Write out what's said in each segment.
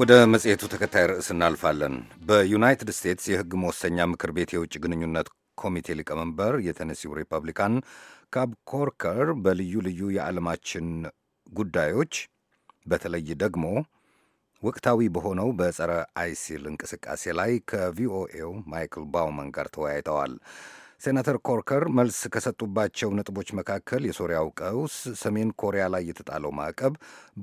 ወደ መጽሔቱ ተከታይ ርዕስ እናልፋለን። በዩናይትድ ስቴትስ የሕግ መወሰኛ ምክር ቤት የውጭ ግንኙነት ኮሚቴ ሊቀመንበር የተነሲው ሪፐብሊካን ካብ ኮርከር በልዩ ልዩ የዓለማችን ጉዳዮች በተለይ ደግሞ ወቅታዊ በሆነው በጸረ አይሲል እንቅስቃሴ ላይ ከቪኦኤው ማይክል ባውመን ጋር ተወያይተዋል። ሴናተር ኮርከር መልስ ከሰጡባቸው ነጥቦች መካከል የሶሪያው ቀውስ፣ ሰሜን ኮሪያ ላይ የተጣለው ማዕቀብ፣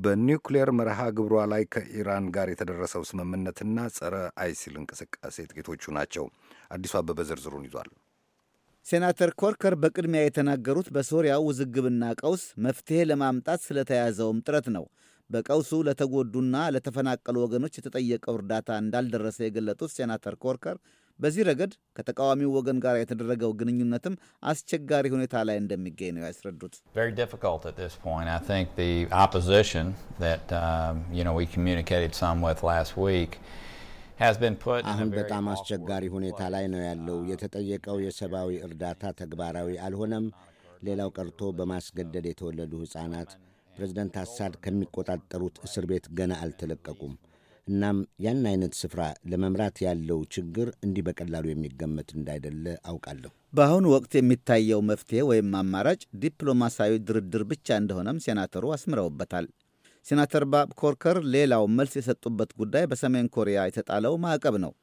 በኒውክሌር መርሃ ግብሯ ላይ ከኢራን ጋር የተደረሰው ስምምነትና ጸረ አይሲል እንቅስቃሴ ጥቂቶቹ ናቸው። አዲሱ አበበ ዝርዝሩን ይዟል። ሴናተር ኮርከር በቅድሚያ የተናገሩት በሶሪያ ውዝግብና ቀውስ መፍትሄ ለማምጣት ስለተያዘውም ጥረት ነው። በቀውሱ ለተጎዱና ለተፈናቀሉ ወገኖች የተጠየቀው እርዳታ እንዳልደረሰ የገለጡት ሴናተር ኮርከር በዚህ ረገድ ከተቃዋሚው ወገን ጋር የተደረገው ግንኙነትም አስቸጋሪ ሁኔታ ላይ እንደሚገኝ ነው ያስረዱት። um, አሁን በጣም አስቸጋሪ ሁኔታ ላይ ነው ያለው። የተጠየቀው የሰብአዊ እርዳታ ተግባራዊ አልሆነም። ሌላው ቀርቶ በማስገደድ የተወለዱ ሕፃናት ፕሬዝደንት አሳድ ከሚቆጣጠሩት እስር ቤት ገና አልተለቀቁም። እናም ያን አይነት ስፍራ ለመምራት ያለው ችግር እንዲህ በቀላሉ የሚገመት እንዳይደለ አውቃለሁ። በአሁኑ ወቅት የሚታየው መፍትሄ ወይም አማራጭ ዲፕሎማሲያዊ ድርድር ብቻ እንደሆነም ሴናተሩ አስምረውበታል። ሴናተር ባብ ኮርከር ሌላው መልስ የሰጡበት ጉዳይ በሰሜን ኮሪያ የተጣለው ማዕቀብ ነው።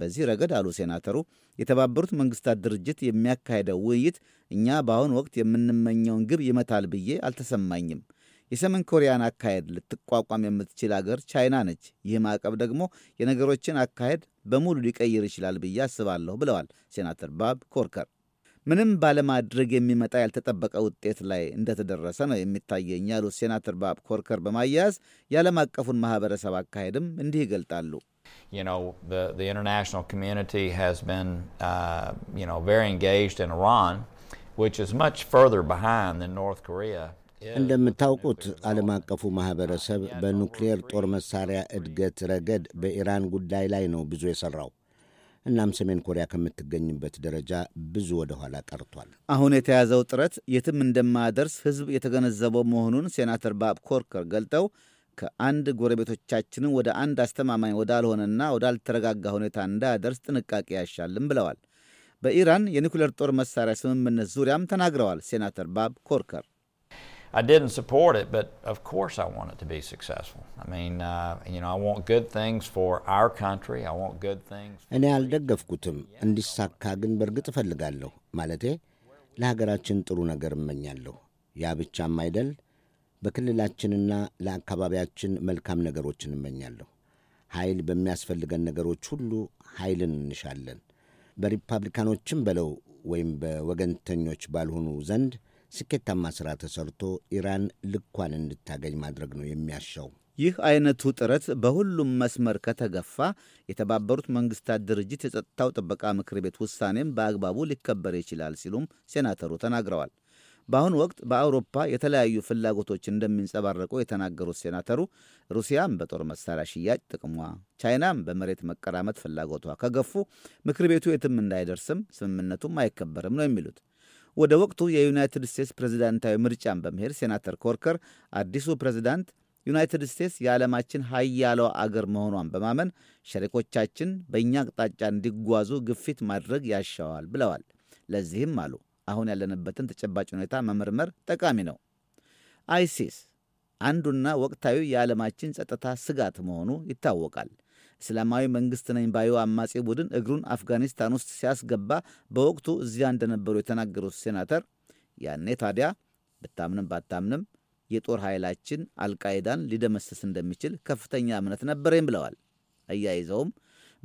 በዚህ ረገድ አሉ ሴናተሩ፣ የተባበሩት መንግስታት ድርጅት የሚያካሄደው ውይይት እኛ በአሁኑ ወቅት የምንመኘውን ግብ ይመታል ብዬ አልተሰማኝም የሰሜን ኮሪያን አካሄድ ልትቋቋም የምትችል አገር ቻይና ነች። ይህ ማዕቀብ ደግሞ የነገሮችን አካሄድ በሙሉ ሊቀይር ይችላል ብዬ አስባለሁ ብለዋል ሴናተር ባብ ኮርከር። ምንም ባለማድረግ የሚመጣ ያልተጠበቀ ውጤት ላይ እንደተደረሰ ነው የሚታየኝ ያሉት ሴናተር ባብ ኮርከር በማያያዝ የዓለም አቀፉን ማህበረሰብ አካሄድም እንዲህ ይገልጣሉ። ኢንተርናሽናል እንደምታውቁት ዓለም አቀፉ ማኅበረሰብ በኑክሌር ጦር መሣሪያ እድገት ረገድ በኢራን ጉዳይ ላይ ነው ብዙ የሠራው። እናም ሰሜን ኮሪያ ከምትገኝበት ደረጃ ብዙ ወደ ኋላ ቀርቷል። አሁን የተያዘው ጥረት የትም እንደማያደርስ ሕዝብ የተገነዘበው መሆኑን ሴናተር ባብ ኮርከር ገልጠው ከአንድ ጎረቤቶቻችንን ወደ አንድ አስተማማኝ ወዳልሆነና ወዳልተረጋጋ ሁኔታ እንዳያደርስ ጥንቃቄ ያሻልም ብለዋል። በኢራን የኒኩሌር ጦር መሣሪያ ስምምነት ዙሪያም ተናግረዋል ሴናተር ባብ ኮርከር I didn't support it, but of course I want it to be successful. I mean, uh, you know, I want good things for our country. I want good things. እኔ አልደገፍኩትም፣ እንዲሳካ ግን በእርግጥ እፈልጋለሁ። ማለቴ ለሀገራችን ጥሩ ነገር እመኛለሁ። ያ ብቻም አይደል፣ በክልላችንና ለአካባቢያችን መልካም ነገሮችን እመኛለሁ። ኃይል በሚያስፈልገን ነገሮች ሁሉ ኃይልን እንሻለን። በሪፐብሊካኖችም በለው ወይም በወገንተኞች ባልሆኑ ዘንድ ስኬታማ ሥራ ተሰርቶ ኢራን ልኳን እንድታገኝ ማድረግ ነው የሚያሻው። ይህ አይነቱ ጥረት በሁሉም መስመር ከተገፋ የተባበሩት መንግስታት ድርጅት የጸጥታው ጥበቃ ምክር ቤት ውሳኔም በአግባቡ ሊከበር ይችላል ሲሉም ሴናተሩ ተናግረዋል። በአሁኑ ወቅት በአውሮፓ የተለያዩ ፍላጎቶች እንደሚንጸባረቁ የተናገሩት ሴናተሩ ሩሲያም በጦር መሳሪያ ሽያጭ ጥቅሟ፣ ቻይናም በመሬት መቀራመት ፍላጎቷ ከገፉ ምክር ቤቱ የትም እንዳይደርስም ስምምነቱም አይከበርም ነው የሚሉት። ወደ ወቅቱ የዩናይትድ ስቴትስ ፕሬዝዳንታዊ ምርጫን በመሄድ ሴናተር ኮርከር አዲሱ ፕሬዝዳንት ዩናይትድ ስቴትስ የዓለማችን ሀያለው አገር መሆኗን በማመን ሸሪኮቻችን በእኛ አቅጣጫ እንዲጓዙ ግፊት ማድረግ ያሻዋል ብለዋል። ለዚህም አሉ አሁን ያለንበትን ተጨባጭ ሁኔታ መመርመር ጠቃሚ ነው። አይሲስ አንዱና ወቅታዊ የዓለማችን ጸጥታ ስጋት መሆኑ ይታወቃል። እስላማዊ መንግስት ነኝ ባዩ አማጺ ቡድን እግሩን አፍጋኒስታን ውስጥ ሲያስገባ በወቅቱ እዚያ እንደነበሩ የተናገሩት ሴናተር ያኔ ታዲያ ብታምንም ባታምንም የጦር ኃይላችን አልቃይዳን ሊደመስስ እንደሚችል ከፍተኛ እምነት ነበረኝ ብለዋል። አያይዘውም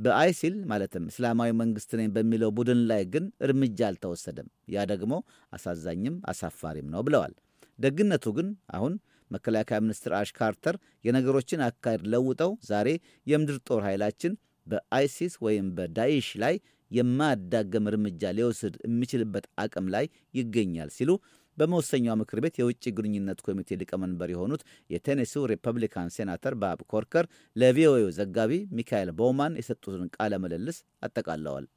በአይሲል ማለትም እስላማዊ መንግስት ነኝ በሚለው ቡድን ላይ ግን እርምጃ አልተወሰደም። ያ ደግሞ አሳዛኝም አሳፋሪም ነው ብለዋል። ደግነቱ ግን አሁን መከላከያ ሚኒስትር አሽ ካርተር የነገሮችን አካሄድ ለውጠው ዛሬ የምድር ጦር ኃይላችን በአይሲስ ወይም በዳይሽ ላይ የማያዳገም እርምጃ ሊወስድ የሚችልበት አቅም ላይ ይገኛል ሲሉ በመወሰኛው ምክር ቤት የውጭ ግንኙነት ኮሚቴ ሊቀመንበር የሆኑት የቴኔሲው ሪፐብሊካን ሴናተር ባብ ኮርከር ለቪኦኤው ዘጋቢ ሚካኤል ቦውማን የሰጡትን ቃለ ምልልስ አጠቃለዋል።